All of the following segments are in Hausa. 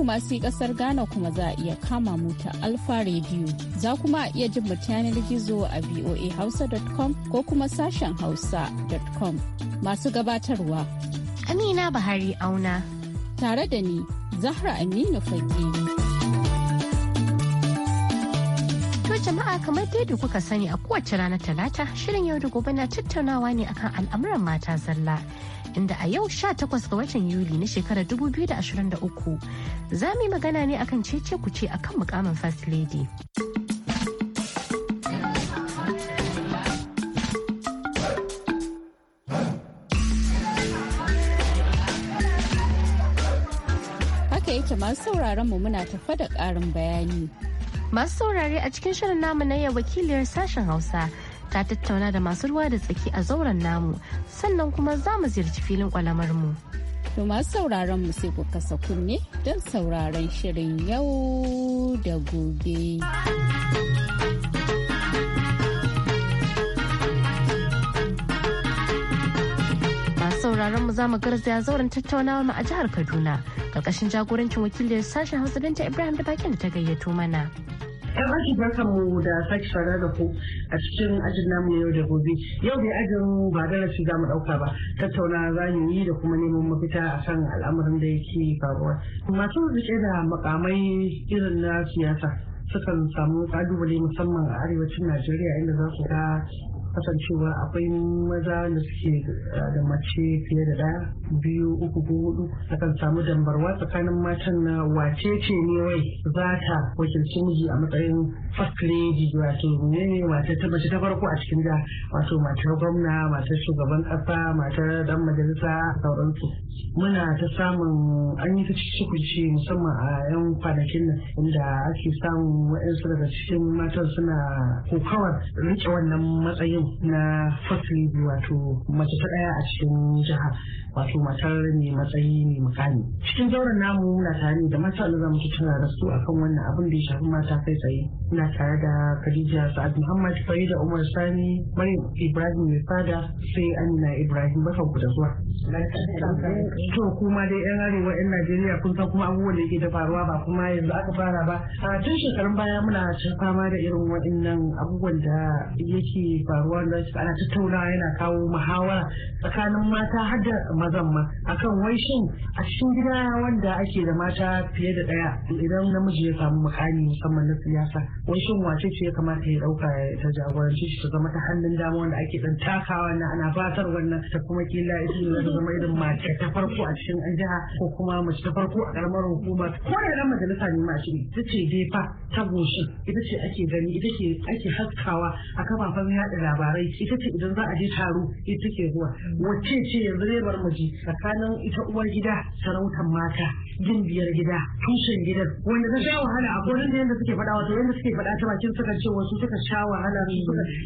kuma sai kasar Ghana kuma za a iya kama mu ta Alfa Radio. Za kuma a iya jin mu yanar gizo a voahausa.com ko kuma sashen hausa.com. Masu gabatarwa. Amina Bahari Auna. Tare da ni, Zahra Aminu Fage. jama'a kamar dai da kuka sani a kowace rana talata shirin yau da gobe na tattaunawa ne akan al'amuran mata zalla inda a yau 18 ga watan Yuli na shekarar 2023 za mu yi magana ne akan cece ku ce akan mukamin First Lady. Haka yake masu sauraron mu muna tafa da ƙarin bayani. Masu saurare a cikin shirin namu na yau wakiliyar sashen Hausa. ta tattauna da masu ruwa da tsaki a zauren namu sannan kuma za mu ziyarci filin kwalamar mu. To masu sauraron mu sai ku kasa kunne don sauraron shirin yau da gobe. sauraron mu zamu garzaya zauren tattaunawa mu a jihar Kaduna karkashin jagorancin wakilin sashen Hausa Binta Ibrahim da bakin da ta gayyato mana. Yan aji barkan mu da sake saurara da ku a cikin ajin namu yau da gobe. Yau dai ajin ba darasi za mu ɗauka ba tattauna za mu yi da kuma neman mafita a kan al'amarin da yake faruwa. Masu rike da makamai irin na siyasa sukan samu kalubale musamman a arewacin Najeriya inda za su ga kasancewa akwai maza da suke eh, da mace fiye da ɗaya biyu uku ko hudu akan samu dambarwa tsakanin matan na wace ce ne wai za ta wakilci miji a matsayin first lady wato ne ne wata ta mace ta farko a cikin da wato matar gwamna matar shugaban ƙasa, matar dan majalisa sauransu muna ta samun an yi ta cikin musamman a yan kwanakin nan inda ake samun waɗansu daga cikin matan suna kokawar rike wannan matsayin na first wato mace ta daya a cikin jiha wato matar mai matsayi mai mukami cikin zauren namu muna tare da mata da zamu tattauna da su akan wannan abin da ya shafi mata kai tsaye muna tare da Khadija Sa'ad Muhammad Farida Umar Sani Maryam Ibrahim mai fada sai Amina Ibrahim barka ku da zuwa to kuma dai yan arewa yan Najeriya kun san kuma abubuwan da yake da faruwa ba kuma yanzu aka fara ba tun shekarun baya muna fama da irin waɗannan abubuwan da yake faruwa da ana tattaunawa yana kawo muhawara tsakanin mata har da mazan ma akan wai shin a cikin gida wanda ake da mata fiye da daya idan namiji ya samu makami musamman na siyasa wai shin wace ce ya kamata ya dauka ta jagoranci shi ta zama ta hannun dama wanda ake dan takawa na ana fatar wannan ta kuma kila ita ta zama irin mace ta farko a cikin an jiha ko kuma mace ta farko a karamar hukuma ko da ran majalisa ne ma shi ita ce dai fa ta goshi ita ce ake gani ita ce ake haskawa a kafafen yaɗa labarai ita ce idan za a je taro ita ke zuwa wacce ce yanzu ne bar mu waje tsakanin ita uwar gida sarautar mata jin biyar gida tushen gidan wanda ta sha wahala a gurin da yadda suke faɗa wato yadda suke faɗa ta bakin suka ce wasu suka sha wahala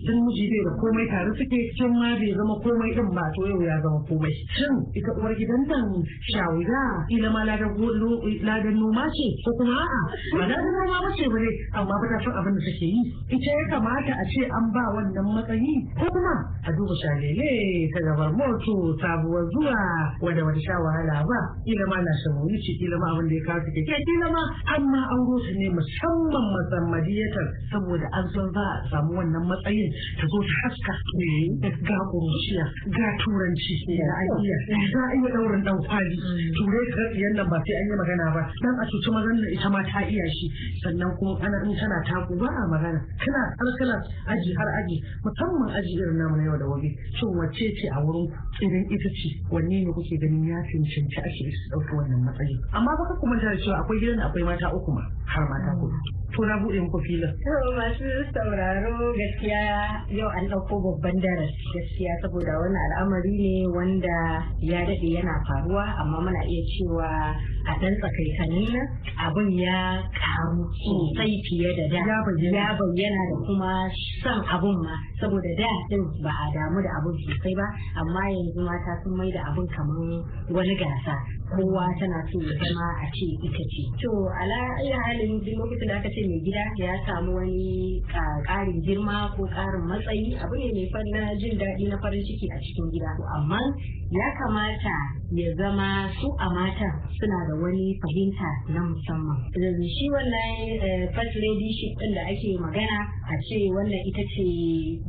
sun miji bai da komai tare suke cin ma bai zama komai din ba to yau ya zama komai shin ita uwar gidan nan shawuza ila ma ladan noma ce ko kuma a'a ba ladan noma ba ce bane amma ba ta san abin da suke yi ita ya kamata a ce an ba wannan matsayi ko kuma a duba shalele ta gabar moto sabuwar zuwa wanda wata sha wahala ba kila ma na shan ce kila ma abin da ya kawo ta kike kila ma amma an su ne musamman musammadiyatan saboda an san za a samu wannan matsayin ta zo ta haska mm. ga kuruciya ga turanci ajiya za a iya daurin dan kwali mm. turai tsayen nan ba sai an yi magana ba dan a cuci mazan da ita ma ta iya shi sannan kuma ana in tana taku ba a magana kana har aji har aji musamman aji irin namu na yau da wabi shin wacce ce a wurin idan ita ce wanne ne kuke ganin ya cancanci ake su ɗauki wannan matsayin? amma ba ka kuma tare cewa akwai gidan akwai mata uku ma har mata kudu to na buɗe muku filin. to masu sauraro gaskiya yau an ɗauko babban darasi gaskiya saboda wani al'amari ne wanda ya daɗe yana faruwa amma muna iya cewa a ɗan tsakaitanin nan abin ya ƙaru sosai fiye da da ya bayyana da kuma son abin ma saboda da din ba a damu da abun sosai ba amma yanzu mata sun mai da abun kamar wani gasa kowa tana so ya zama a ce ita ce to ala iya halin duk lokacin da aka ce mai gida ya samu wani ƙarin girma ko ƙarin matsayi abu ne mai fadna jin daɗi na farin ciki a cikin gida amma ya kamata ya zama su a matan suna da wani fahimta na musamman shi wannan eh, first lady shi da ake magana a ce wannan ita ce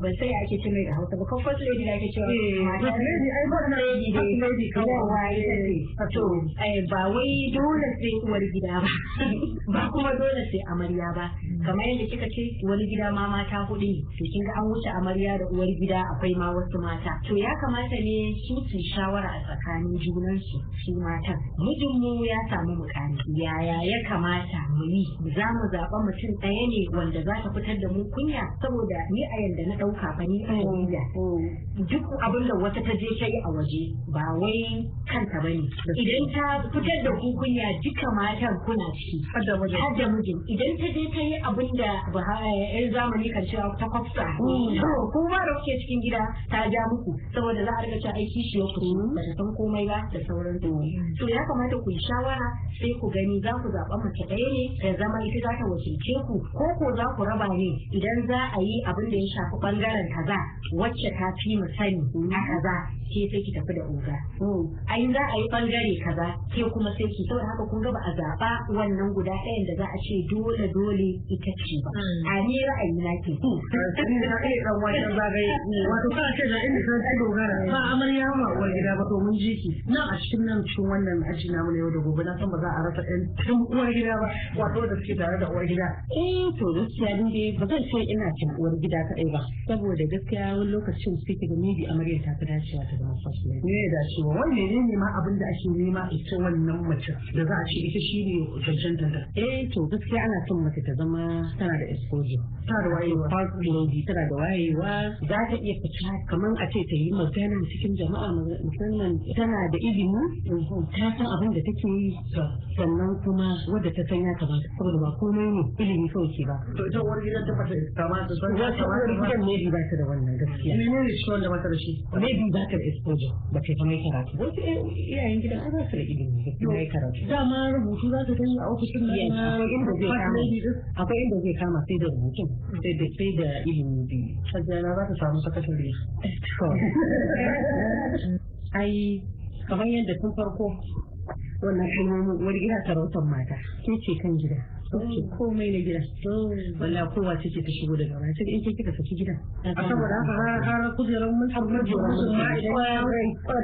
ban sai ya ake ce da hausa ba comfort lady ake cewa comfort eh, lady ai ba na lady dai lady yawa ita ce eh, to eh, ba wai dole sai uwar gida ba ba kuma dole sai amarya ba kamar yadda kika ce wani gida ma mata hudu ne to kin an wuce amarya da uwar gida akwai ma wasu mata to ya kamata ne su su shawara a tsakanin junan su su matan mijinmu ya samu mukami yaya ya kamata mu yi za mu zaɓa mutum ɗaya ne wanda za ta fitar da mu kunya saboda ni a yanda na ɗauka ba ni a mm, mm, mm. duk abin da wata ta je ta yi a waje ba wai kanta bane idan ta fitar da kukunya duka matan kuna ciki har da mijin idan ta je ta yi abin da yan zamani kan cewa ta kwafta mm. kuma da kuke cikin gida ta ja muku saboda za a riga ta aiki shi ku mm. ba ta san komai ba da sauran su mm. to ya kamata ku yi shawara sai ku gani za ku zaɓa mace ɗaya ne da zama ita za ta wakilce ku ko ko za ku raba ne idan za a yi abin da ya shafi bangaren kaza wacce ta fi mu sani na kaza ke sai ki tafi da oga. Ai in za a yi bangare kaza ke kuma sai ki saboda haka kun ga ba a zaba wannan guda ɗayan da za a ce dole dole ita ce ba hmm. a ne ra'ayi na ke hmm. eh, wato kana ce da inda san ai dogara ba amarya ma uwar gida ba to mun ji ki na a cikin nan cikin wannan aji namu na yau da gobe na san ba za a rasa ɗan tun uwar gida ba wato da suke tare da uwar gida eh to gaskiya ni dai ba zan ce ina cikin uwar gida kaɗai ba saboda gaskiya wani lokacin suke da maybe amarya ta fi dacewa ta zama first ne da ba wani ne ne ma abin da ake nema ita wannan mace da za a ce ita shi ne cancanta da eh to gaskiya ana son mace ta zama tana da exposure tana da wayewa tana da wayewa za ta iya fita kamar a ce ta yi magana cikin jama'a musamman tana da ilimi mhm. ta san abin da take yi sannan kuma wadda ta san ya kamata saboda ba komai ne ilimi kawai ke ba to ita wani gidan ta fata ta san ya wani gidan ne ba ta da wannan gaskiya ne ne shi wanda ba ta da shi Ne ba ta da exposure ba ta kamar karatu wasu iyayen gidan an zasu da ilimi na yi karatu dama rubutu za ta ta yi a ofishin na inda zai kama akwai inda zai kama sai da rubutun sai da sai da ilimi biyu sajjana za ta samu sakatare ai kamar yadda tun farko wannan kuma wani ina sarautar mata ke ce kan gida komai na gida walla kowa ce ta shigo daga baya sai in ke kika saki gida saboda haka har kujerar mun samu jira mun ma idan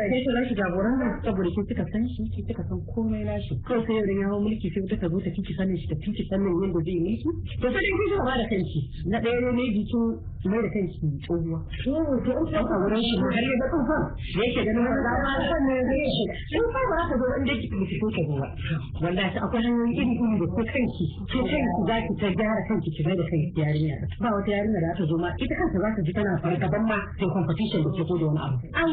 ke to jagoran saboda ke kika san shi ke kika san komai na shi ko sai yau ya hawo mulki sai ta zo ta kike sanin shi ta kike sanin yadda zai yi mulki to sai kin ji ba da kanki na ɗaya ne bikin ki mai da kan ki tsohuwa shi ne ke in ka kawo shi har ya ga tsofan da wani da ma ne zai shi ba ka zo in da kike ki soke ba wallahi akwai hanyoyi iri iri da ko kanki ke kanki za ki ta gyara kanki ki mai da kanki yarinya ba wata yarinya da ta zo ma ita kanta za ta ji tana farka ban ma sai competition da ke ko da wani abu an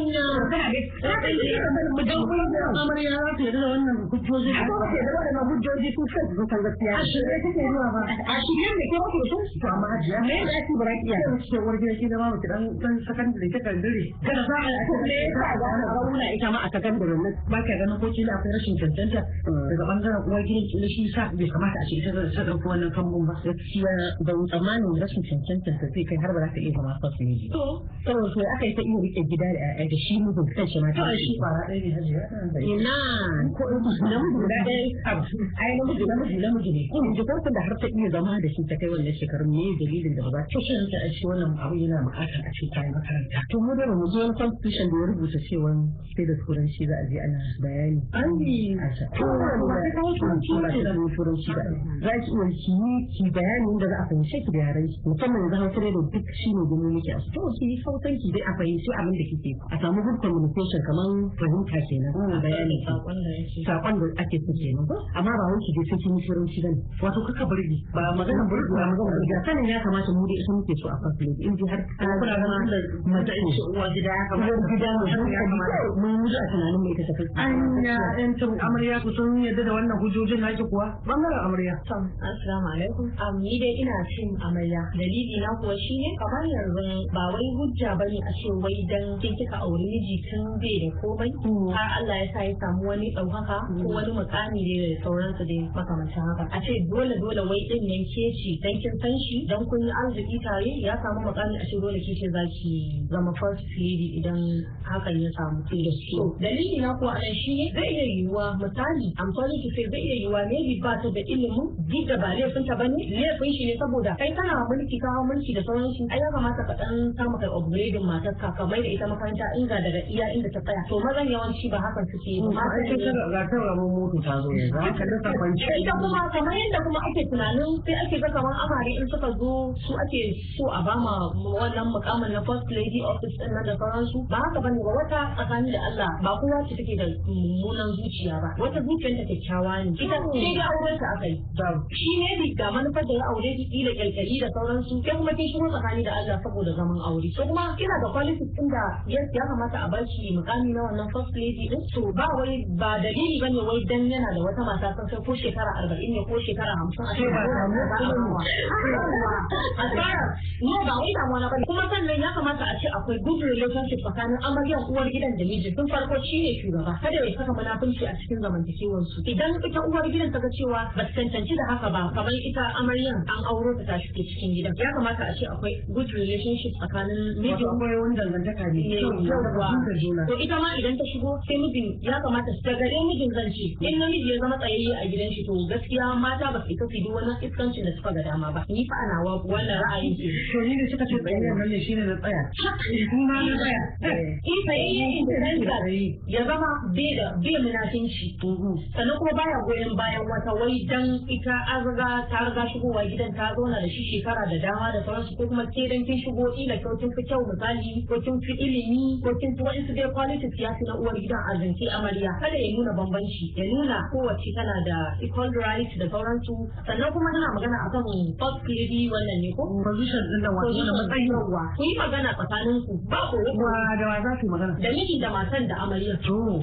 kana da za ka yi da mun mu dan amarya za ta yarda wannan hujjoji ko ta yarda wannan hujjoji ko sai ta san gaskiya a shirye take zuwa ba a shirye ne ke muke so to amma me shewar gida shi zama mace dan dan sakandare ta kandare kada za a ko ne ya sa ga zauna ita ma a sakandare ne ba ka ganin ko kila akwai rashin cancanta daga bangaren uwar gidan kila shi sa bai kamata a ce ita ta dauki wannan kambun ba gaskiya da tsammanin rashin cancanta ta zai kai har ba za ta iya zama kwasu ne to saboda so aka yi ta iya rike gida da ƴaƴa da shi mutum kanshi ma ta shi fara ɗaya ne hajiya ina ko namiji guda ɗaya ai namiji namiji namiji ne ko in ji da har ta iya zama da shi ta kai wannan shekarun ne dalilin da ba za ta shi wannan abu yana bukata a ce ta makaranta to mu da mu ji wani constitution da ya rubuta cewa sai da turanci za a je ana bayani an yi ah, turanci da za ki iya ki ki bayani da za a fahimce ki da yaran musamman yanzu hausa da duk shi ne gumi muke a to ki hausan ki dai a fahimci abin da kike a samu good kamar fahimta kenan a hmm, da ake so kenan amma ba wani ki je sai kin wato kaka burgi ba magana burgi ba magana burgi ya kamata mu dai ita muke so a in ji har kuna ganin mata in shi uwa gida ya gida mai hankali mun mutu a tunanin mai ta kai an yan tun amarya ku sun yadda da wannan hujojin naki kuwa bangaren amarya sam assalamu alaikum am ni dai ina cin amarya dalili na kuwa shine kamar yanzu ba wai hujja bane a ce wai dan kin kika aure miji tun bai da komai mm. har Allah ya sa ya samu wani ɗaukaka ko mm. wani mukami da sauransu dai makamancin haka a ce dole dole wai din yanke shi dan kin san shi dan kun yi arziki tare ya samu samu makami a ce dole kice za ki zama first lady idan hakan ya samu ke da su. Dalili na kuwa anan shi ne zai iya yiwuwa misali amfani ki sai zai iya yiwuwa ne bi ba ta da ilimin duk da ba laifin ta bane laifin shi ne saboda kai tana mulki ka hawa mulki da sauran shi ai ya kamata ka dan samu kai upgrading matar ka ka mai da ita makaranta inga daga iya inda ta tsaya. To mazan yawanci ba hakan suke yi. Ma sai ta ga kan rabon moto ta zo yanzu ka da kwanci. Ita kuma kamar yadda kuma ake tunanin sai ake ga kamar amare in suka zo su ake so a ba kama wannan mukamin na first lady office din nan da sauransu ba haka bane ba wata tsakani da Allah ba kowa ce take da mummunan zuciya ba wata ta kyakkyawa ne ita ce ga aure ta akai shi ne bi ga manufar da aure ki da kyalkyali da sauransu sai kuma kin shigo tsakani da Allah saboda zaman aure So kuma kina da qualities din da ya kamata a baki mukami na wannan first lady din to ba wai ba dalili bane wai dan yana da wata mata sai ko shekara 40 ne ko shekara 50 a cikin ba ba wai damuwa na bane kuma sannan ya kamata a ce akwai good relationship tsakanin amaryar uwar gidan da miji tun farko ne shugaba kada ya saka munafunci a cikin zamantakewar su idan ita uwar gidan ta ga cewa ba ta tantance da haka ba kamar ita amaryar an auro ta tashi ke cikin gidan ya kamata a ce akwai good relationship tsakanin miji akwai wani dangantaka ne to ita ma idan ta shigo sai mijin ya kamata ta gare mijin zan ce in namiji ya zama tsayayye a gidan shi to gaskiya mata ba su ita su yi wani iskancin da suka ga dama ba ni fa ana wannan ra'ayin ke ne suka ce tsayayyen shi ne shine na tsaya kuma na tsaya eh. yi tsayayyen influencer ya zama bai shi. Mm-hmm. sannan kuma baya goyon bayan wata wai dan ita an ta riga shigowa gidan ta zauna da shi shekara da dama da sauransu ko kuma ke dan kin shigo ila kyau kin fi kyau misali ko kin fi ilimi ko kin fi wa'insu dai qualities ya fi na uwar gidan arziki amarya kada ya nuna bambanci ya nuna kowace tana da equal right da sauransu sannan kuma tana magana akan first lady wannan ne ko position din da wajen matsayi ku yi magana tsakanin ku ba ku wa da wa za ku magana da miji da matan da amarya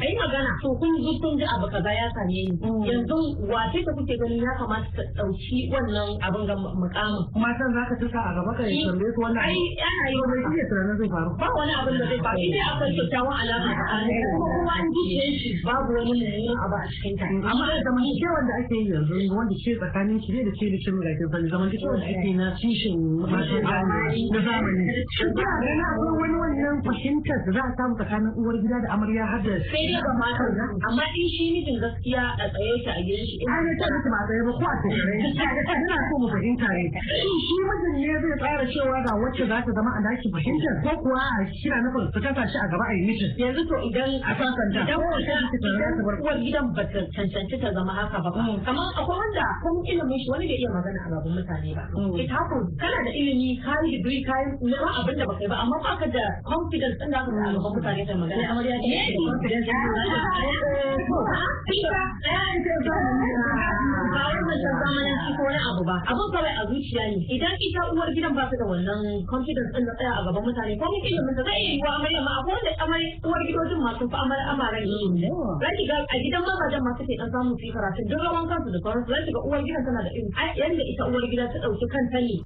ai magana to kun ji kun ji abu kaza ya same ni mm. yanzu wace ta kuke ganin ya kamata ta dauki wannan abin ga mukamin matan za ka tuka a gaba ka yi eh, tambaye ku wannan ai ana yi wannan shi ne zai faru ba wani abin da zai faru sai akwai kyakkyawan alama tsakanin kuma kowa an ji shi babu wani mummunan abu a cikin ta mm, amma da zamantakewar da ake yi yanzu wanda ke tsakanin ki ne da ke da kin ga kin sani zamantakewar da ake na cishin matan na zamani shin ba da na akwai wani wannan fahimtar da za a samu tsakanin uwar gida da amarya har da sai dai ga matan amma in shi mijin gaskiya a tsaye ta a gidan shi ai ta mutum a tsaye ba ko a tsaye ina so mu fahimta ne shin shi mijin ne zai tsara cewa ga wacce za ta zama a daki fahimtar ko kuwa kina na su ta shi a gaba a yi mijin yanzu to idan a sasanta idan uwar gidan ba ta cancanci ta zama haka ba kamar akwai wanda kuma ilimin shi wani bai iya magana a gaban mutane ba ita ko kana da ilimi ka digiri kayan neman abin da ba kai ba amma ba ka da confidence din da ka ga ba mutane da magana amarya ne confidence din da ka abu ba abin kawai a zuciya ne idan ita uwar gidan ba su da wannan confidence din na tsaya a gaban mutane ko mutum da mutum zai yi wa amarya ma akwai wanda amarya uwar gidojin masu fa amar amaran ne zaki ga a gidan mazajen masu ke dan samu fi karatu duk rawan kansu da sauransu zaki ga uwar gidan tana da irin yanda ita uwar gida ta dauki kanta ne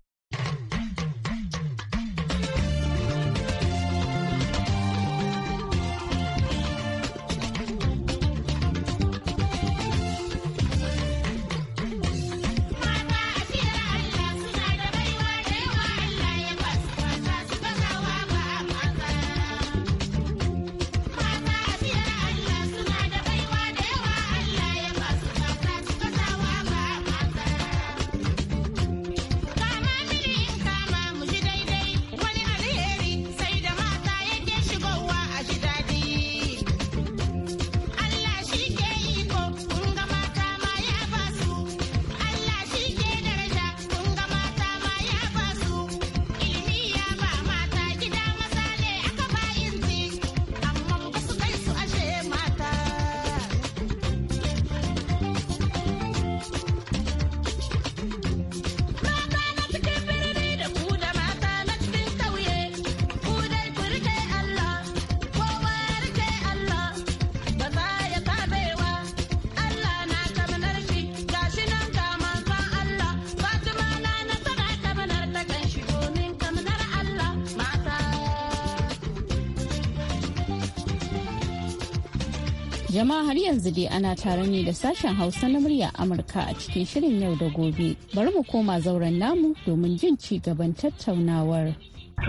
Jama'a har yanzu dai ana tare ne da sashen Hausa na murya Amurka a cikin shirin yau da gobe. Bari mu koma zauren namu domin jin ci gaban tattaunawar.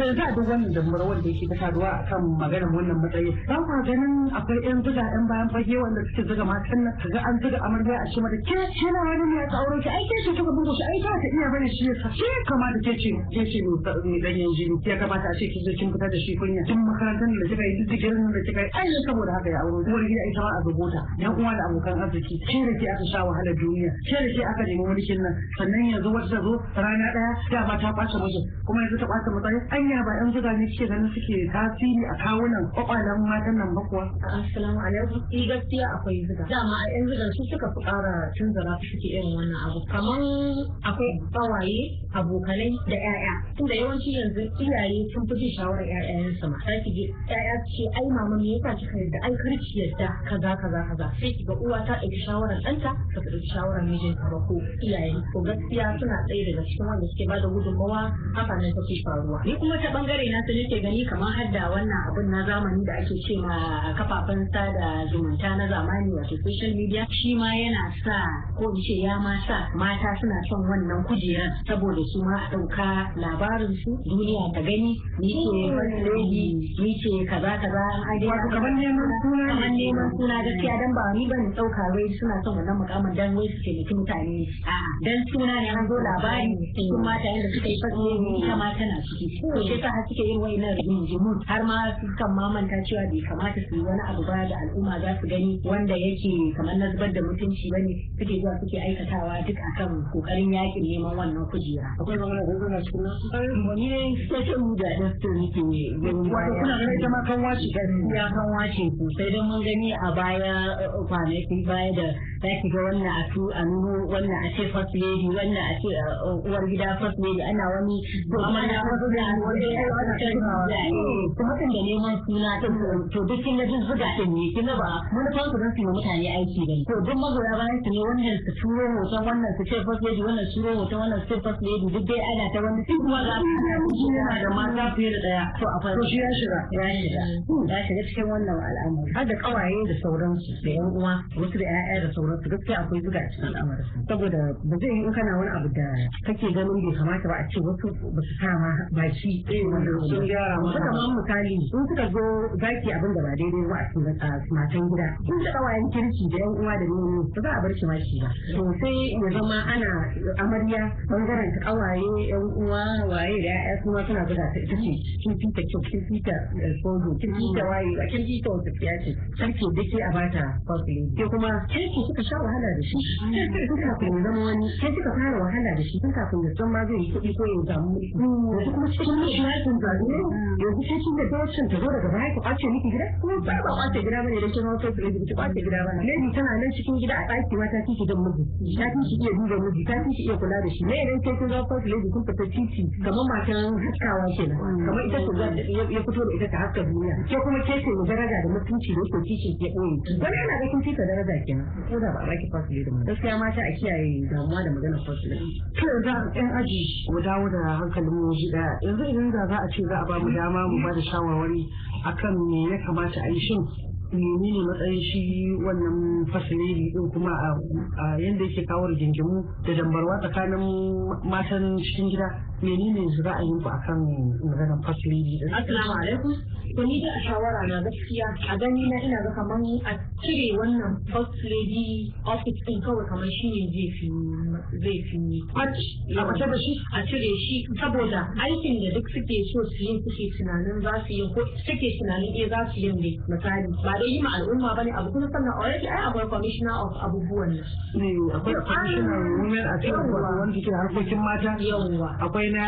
sai da duk wannan jambar wanda yake ta faruwa kan maganar wannan matsayi ba ku ganin akwai yan zuga yan bayan fage wanda suke zuga matan nan ga an zuga amarya a shima da ke yana wani ne ya aure ki ai ke ce kika bugu shi ai ta iya bane shi ya ke kama da ke ce ke ce dan danyen jini ya kamata a ce ki zo kin fita da shi kunya tun makarantar da kika yi duk digirin da kika yi ai saboda haka ya aure uwar gida ita ma a rubuta yan uwa da abokan arziki ke da ke aka sha wahalar duniya ke da ke aka nemi mulkin nan sannan yanzu wata zo rana daya dama ta kwace mijin kuma yanzu ta ɓata matsayi. anya ba yan zuga ne ke ganin suke tasiri a kawunan kwakwalen matan nan ba kuwa. Assalamu alaikum. Eh gaskiya akwai zuga. Dama a yan zuga su suka fi ƙara cin zarafi suke irin wannan abu. Kaman akwai ƙawaye, abokanai da 'ya'ya. Tunda yawanci yanzu iyaye sun fi jin shawarar 'ya'yansu ma. Sai ki ji 'ya'ya ce ai mama me yasa kika yarda ai kar ki yarda kaza kaza kaza. Sai ki ga uwa ta ɗauki shawarar ɗanta ta ɗauki shawarar mijinta ba ko iyaye. Ko gaskiya suna ɗaya daga cikin wanda suke ba da gudunmawa haka wannan take faruwa ni kuma ta bangare na su nake gani kamar hadda wannan abin na zamani da ake ce ma kafafen sada zumunta na zamani wato social media shi ma yana sa ko in ce ya ma sa mata suna son wannan kujerar saboda su ma a ɗauka labarin su duniya ta gani ni ce fasiregi ni ce kaza kaza an wato kamar neman suna kamar neman suna gaskiya dan ba ni bane ɗauka wai suna son wannan mukamin dan wai su taimaki mutane a'a dan suna ne an zo labari sun mata yadda suka yi ne. ita ma tana ciki to shi yasa har suke yin wayannan rigingimun har ma sukan mamanta cewa bai kamata su yi wani abu ba da al'umma za su gani wanda yake kamar na zubar da mutunci bane suke zuwa suke aikatawa duk akan kokarin yakin neman wannan kujera akwai magana ko kana cikin nan ni ne social media da su nake gani wato kuna ganin ita ma kan wace gaskiya kan wace sosai don mun gani a baya kwanaki baya da zaki ga wannan a tu a nuno wannan a ce first lady wannan a ce uh, uwar gida first lady ana wani Hmm, to amma na farko da wani wata tattaunawa to hakan da neman suna ta to duk kin zuga ta ne kin ba mun ku dan mutane aiki ne to duk magoya bayan su ne wannan su turo hoton wannan su ce first lady wannan su turo hoton wannan su ce first lady duk dai ana ta kuma su yana da mata fiye da daya to a farko shi ya shiga ya shiga hmm, ya shiga cikin wannan al'amari har da kawaye da sauransu da yan uwa wasu da ƴaƴa da sauransu gaskiya akwai zuga cikin al'amarin saboda ba zai yi in kana wani abu da kake ganin bai kamata ba a ce wasu ba su sa ma baki wanda sun gyara ma kamar misali sun suka zo zaki abin da ba daidai ba a cikin matan gida sun da kawayen kirki da yan uwa da nemi ba za a bar shi ma shi ba to sai ya zama ana amarya bangaren ta kawaye yan uwa waye da ya'ya kuma suna guda ta ita ce kin fita kyau kin fita sojo eh, kin fita waye ba kin fita wata fiya ce da dake a bata kwakwale ke kuma kirki suka sha wahala da shi tun kafin zama wani sai suka fara wahala da shi tun kafin ya san ma zai yi kuɗi ko ya samu miki yanzu kuma cikin wani shi ya tunzari ne yanzu da dawacin ta zo daga baya ku kwace miki gida kuma ba ba kwace gida bane da kin hausa ki ki kwace gida bane lady tana nan cikin gida a ɗaki ma ta kike da miji ta kike iya duba miji ta kike iya kula da shi ne idan kai kun ga kwace lady kun fita titi kamar matan haskawa kenan kamar ita ce ya fito da ita ta haska duniya ke kuma daraja da mutunci da yake kike ke ɗoye dan ana daraja ko da ba a kiyaye damuwa da magana an aji kalmomi daya yanzu idan za a ce za a ba mu dama mu ba da shawarwari akan me ya kamata a yi shin menene matsayin shi wannan fasiliri din kuma a yanda yake kawo rigingimu da dambarwa tsakanin matan cikin gida menene su ra'ayin ku akan maganar first lady din assalamu alaikum to ni da shawara na gaskiya a gani na ina ga kaman a cire wannan first lady office din kawai kamar shi ne zai fi zai fi a mace da shi a cire shi saboda aikin da duk suke so su yi suke tunanin za su yi ko suke tunanin eh za su yi ne misali ba dai yi ma al'umma bane abu kuma sannan already ai akwai commissioner of abubuwan ne akwai commissioner women a cikin wanda ke harkokin mata akwai na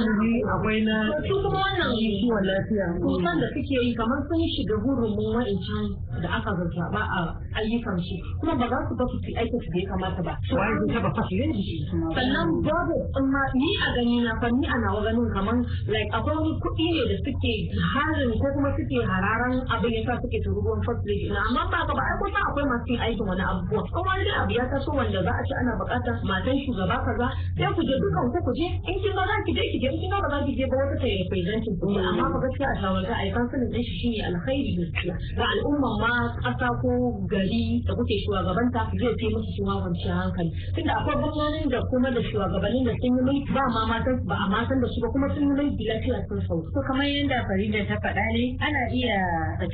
ilimi akwai na su kuma wannan kiwon lafiya kusan da suke yi kamar sun shiga hurumin wa'ancan da aka zazzaba a ayyukan shi kuma ba za ku ga su ci aikin su da ya kamata ba sannan babu amma ni a gani na fa ni a nawa ganin kaman like akwai wani kuɗi ne da suke harin ko kuma suke hararan abin ya sa suke tururuwan first na amma ba ka ba ai kuma akwai masu yin aikin wani abubuwa kuma wani abu ya taso wanda za a ci ana bukata matan shugaba kaza sai ku je dukan ku ku je in kin ga za ki je ki je in kin ga ba za ki je ba wata ta yi presenting ku amma ba gaskiya a shawarta a yi sanin ɗan shi ne alkhairi gaskiya ga al'umma ma ƙasa ko gari gari da kuke shugabanta zai fi musu suwa kwanciyar hankali tunda akwai gwamnonin da kuma da shugabannin da sun yi mai ba ma matan ba a matan da su ba kuma sun yi mai lafiya sun sau to kamar yadda Farida ta faɗa ne ana iya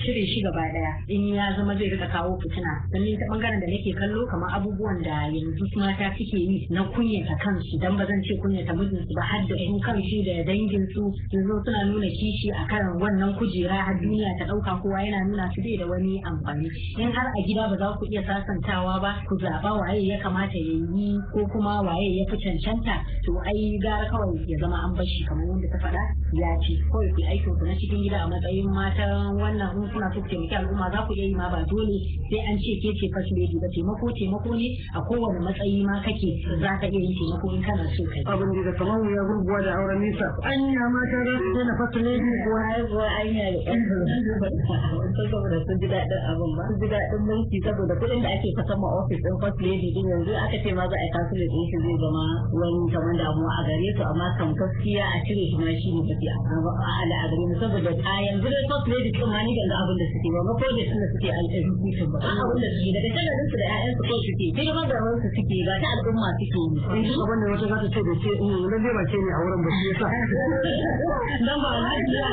cire shi gaba daya in ya zama zai rika kawo fitina dan ta bangaren da nake kallo kamar abubuwan da yanzu mata suke yi na kunyata kansu dan ba zan ce kunyata mijinsu ba har da su kansu da dangin su yanzu suna nuna kishi a kan wannan kujera har duniya ta ɗauka kowa yana nuna su dai da wani amfani in har a gida ba ba za ku iya sasantawa ba ku zaɓa waye ya kamata ya yi ko kuma waye ya fi cancanta to ai gara kawai ya zama an bar shi kamar wanda ta faɗa ya ce kawai ku aikin ku na cikin gida a matsayin matan wannan in kuna so ku taimaki al'umma za ku iya yi ma ba dole sai an ce ke ce first lady ba taimako taimako ne a kowane matsayi ma kake za ka iya yi taimako in kana so kai. abin da kamar mu ya gurguwa da auren nisa anya mata za su daina first lady ko haihuwa anya da ɗan saboda sun ji daɗin abin ba sun ji daɗin mun aiki saboda kuɗin da ake kasan ma ofis ɗin first lady ɗin yanzu aka ce ma za a yi kansula ɗin shi zai zama wani kamar damuwa a gare su amma kan gaskiya a cire shi ma shi ne tafi a al'adari mu saboda a yanzu da first lady ɗin ma ni ganga ga abin da suke ba ma project da suke al'adari ba a abin da suke daga shagalin su da su ko suke ma zaman su suke ba ta al'umma suke shi Abin da wata za ta ce da ce ne mm, ba ce ne a wurin ba shi sa. Dan ba alhaji ya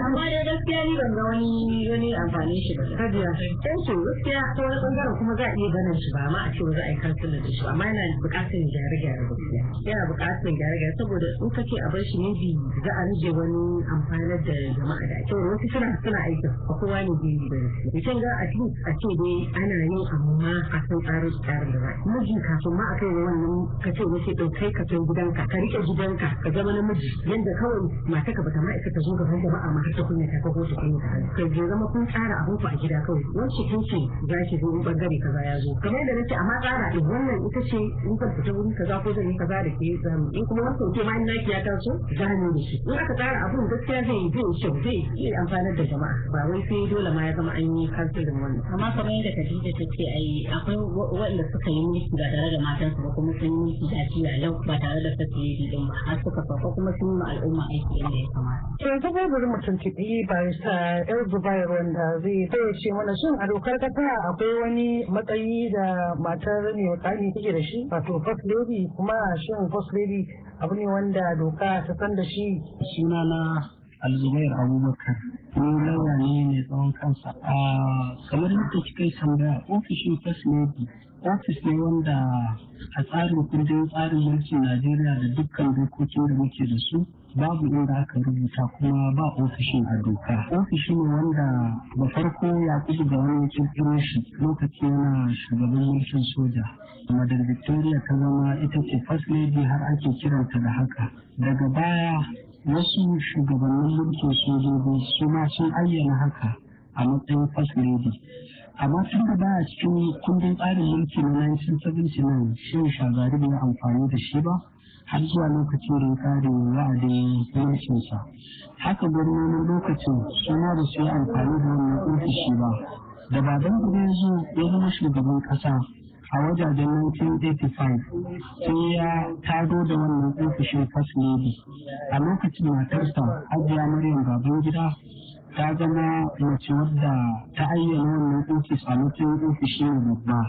amma da gaskiya ni ban ga wani wani amfani shi ba. Hajiya. to gaskiya ta wani bangaren kuma za a iya ganin shi ba ma a ce za a yi kansila da shi amma yana bukatar gyare-gyare gaskiya yana bukatar gyare-gyare saboda in kake a bar shi ne bi za a rage wani amfanar da jama'a da ake wasu suna suna aikin a kowa ne bi da gaskiya mutum ga a ce a ce dai ana yin amma a san tsarin tsarin da ba miji kafin ma a kai wannan ka ce wace ɗaukai ka san gidanka ka riƙe gidanka ka zama namiji yadda kawai mata ka bata ta ita ta zo gaban jama'a ma har ta kunya ta ko ta kunya ta ka zama kun tsara abin ku a gida kawai wacce hukuncin za shi zo bangare kaza ya zo kamar da nace amma tsara din wannan ita ce in ka fita wurin kaza ko zan yi kaza da ke zamu in kuma wasu ke ma ina ki ya taso zamu da shi in aka tsara abun gaskiya zai yi zai kyau zai yi amfanar da jama'a ba wai sai dole ma ya zama an yi kansilin wannan amma kamar yadda Khadija ta ce ai akwai waɗanda suka yi mulki ba tare da su ba kuma sun yi mulki da lau ba tare da fasiliti din ba har suka fafa kuma sun yi al'umma aiki yadda ya kamata. Yanzu bai bari mutum tiɗi ba sa yar Zubair wanda zai ce mana shin a dokar akwai wani matsayi da matar mai wakani take da shi wato first lady kuma shin first lady abu ne wanda doka ta san da shi suna na alzubair abubakar ni lauya ne mai tsawon kansa ah, kamar yadda kika yi tambaya ofishin first lady ofis ne wanda a tsarin kundin tsarin mulkin Najeriya da dukkan dokokin da muke da su babu inda aka rubuta kuma ba ofishin a doka. Ofishi ne wanda da farko ya fi da wani kirkiro shi lokaci yana shugaban mulkin soja. Madar Victoria ta zama ita ce First Lady har ake kiranta da haka. Daga baya wasu shugabannin mulkin sojoji su ma sun ayyana haka a matsayin First Lady. amma tun da a cikin kundin tsarin mulki na 1979 shin shagari ya amfani da shi ba har zuwa lokacin da ya kare wa'adin mulkinsa haka gwamnonin lokacin suna da su amfani da wannan ofishi ba da baban gida ya zo ya zama shugaban kasa a wajajen 1985 sai ya tado da wannan ofishin first lady a lokacin matarsa hajiya maryam baban gida ta zama mace wadda ta ayyana wannan ofis a matsayin ofishi ne babba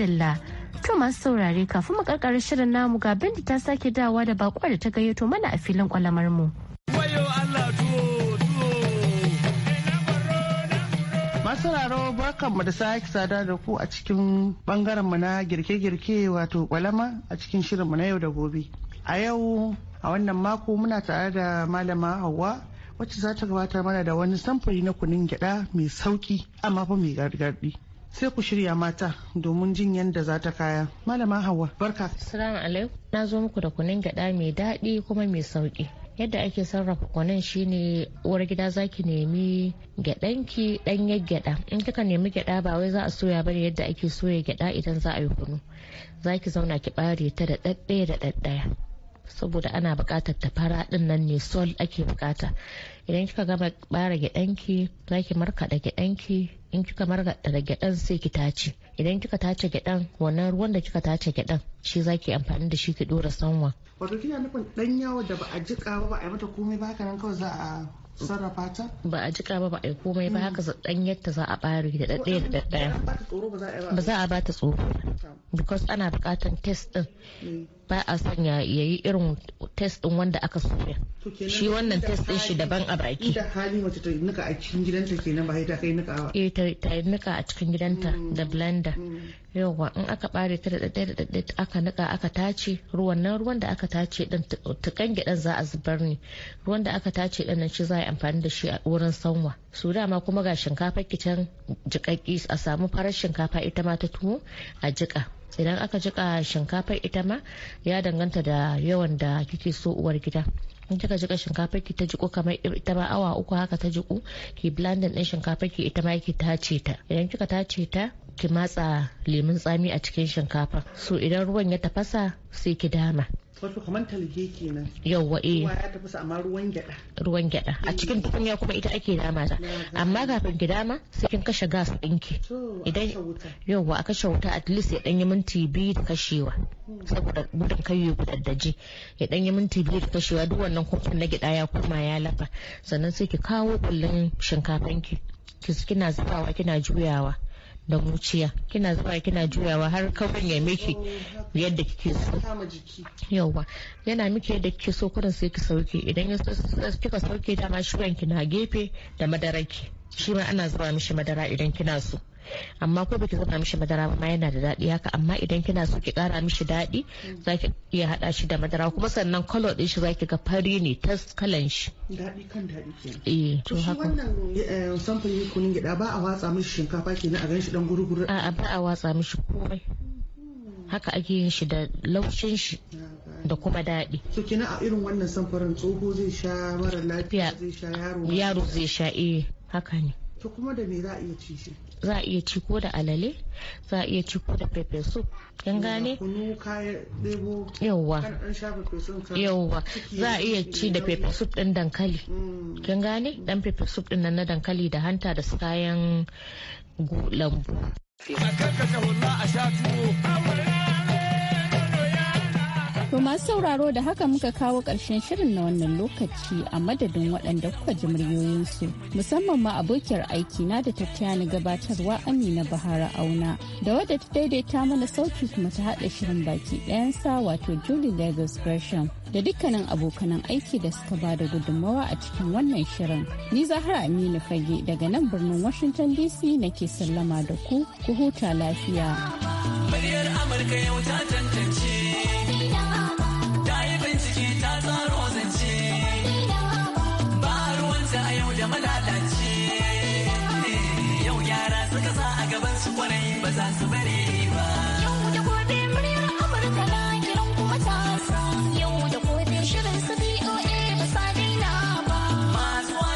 madalla. To masu saurare kafin mu karkar shirin namu ga Binta ta sake dawa da bakuwa da ta gayyato mana a filin kwalamar mu. sauraro barkanmu da sake sada da ku a cikin mu na girke-girke wato kwalama a cikin shirin mu na yau da gobe. A yau a wannan mako muna tare da malama hawa wacce za ta gabatar mana da wani samfuri na kunin gyada mai sauki amma fa mai gargadi. sai ku shirya mata domin jin yadda za ta kaya malama hawa barka salamu alaikum na zo muku da kunin gyaɗa mai daɗi kuma mai sauƙi yadda ake sarrafa kunin shine uwar gida ki nemi gyaɗanki ɗanyen gyaɗa in kika nemi gyaɗa ba wai za a soya ba ne yadda ake soya gyaɗa idan za a yi kunu Za ki zauna ki ɓare ta da ɗaɗɗaya da ɗaɗɗaya saboda ana buƙatar ta fara din nan ne sol ake buƙata idan kika gama bara gyaɗanki za ki markaɗa gyaɗanki in kika markaɗa gyaɗan sai ki tace idan kika tace gyaɗan wannan ruwan da kika tace gyaɗan shi za ki amfani da shi ki ɗora sanwa. wato kina nufin ɗan yawo da ba a jiƙa ba ba a yi mata komai ba haka nan kawai za a sarrafa ta ba a jika ba ba a yi komai ba haka dan yadda za a bare da daddaya da daddaya ba za a ba ta tsoro because ana bukatan test din mm. ba a son ya yi irin test din wanda aka soya shi wannan test din shi daban a baki ita hali wacce ta nika a cikin gidanta kenan ba ta kai ba eh ta ta nika a cikin gidanta mm, da blender mm. yawa in aka bare ta da daddai da daddai aka nika aka tace ruwan nan ruwan da aka tace din tukan gidan za a zubar ne ruwan da aka tace din nan shi za a yi amfani da shi a wurin sanwa su dama kuma ga shinkafa kicin jikakki a samu farar shinkafa ita ma ta tuwo a jika idan aka jika shinkafar ita ma ya danganta da yawan da kike so uwar gida in kika jika shinkafar ki ta jiko kamar ita ma awa uku haka ta jiku ki blandin din shinkafar ki ita ma ki tace ta idan kika tace ta ki matsa lemun tsami a cikin shinkafa so idan ruwan ya tafasa sai ki dama wato kamar talge kenan yawwa eh ruwa ya tafasa amma ruwan gyada ruwan gyada a cikin tukunya kuma ita ake dama ta amma kafin ki dama sai kin kashe gas ɗinki idan yawwa a kashe wuta at least ya dan yi minti biyu da kashewa hmm. saboda gudun kai ya gudaddaje ya dan yi minti biyu da kashewa duk wannan kofin na gyada ya koma ya lafa sannan sai ki kawo kullun shinkafanki kina zubawa kina juyawa da muciya kina zuwa kina juyawa har kawai ya miki yadda kike so yauwa yana miki yadda kike so kuna sai ki sauke idan kika sauke dama shugan ki na gefe da madaraki shi ma ana zuba mishi madara idan kina so amma ko baki zuba mishi madara ba yana da daɗi haka amma idan kina so ki kara mishi daɗi za ki iya haɗa shi da madara kuma sannan kalo ɗin shi za ki ga fari ne ta kalan shi daɗi kan daɗi kenan eh to haka wannan eh, samfuri kunun gida ba a watsa mishi shinkafa kenan a ganshi dan guruguru a'a ba a watsa mishi komai haka ake yin shi da laushin shi da kuma daɗi. So kina a irin wannan samfurin tsoho zai sha mara lafiya zai sha yaro. Yaro zai sha eh haka ne. to kuma da me za a iya ci shi za a iya ci ko da alale za a iya ci ko da pepper soup kin gane yawwa yawwa za a iya ci da pepper soup din dankali mm. kin gane dan pepper soup din nan na dankali da hanta da kayan lambu a karkata wallah a sha tuwo To masu sauraro da haka muka kawo ƙarshen shirin na wannan lokaci a madadin waɗanda kuka ji muryoyinsu musamman ma abokiyar aiki na da tattayani gabatarwa Amina Bahara Auna da wadda ta daidaita mana sauki kuma ta haɗa shirin baki sa wato Julie Lagos Gresham da dukkanin abokanan aiki da suka ba da gudunmawa a cikin wannan shirin. Ni Zahra Aminu Fage daga nan birnin Washington DC nake sallama da ku ku huta lafiya. Amurka yau ta malalace yau yara suka sa a gaban su kwarai ba za su bari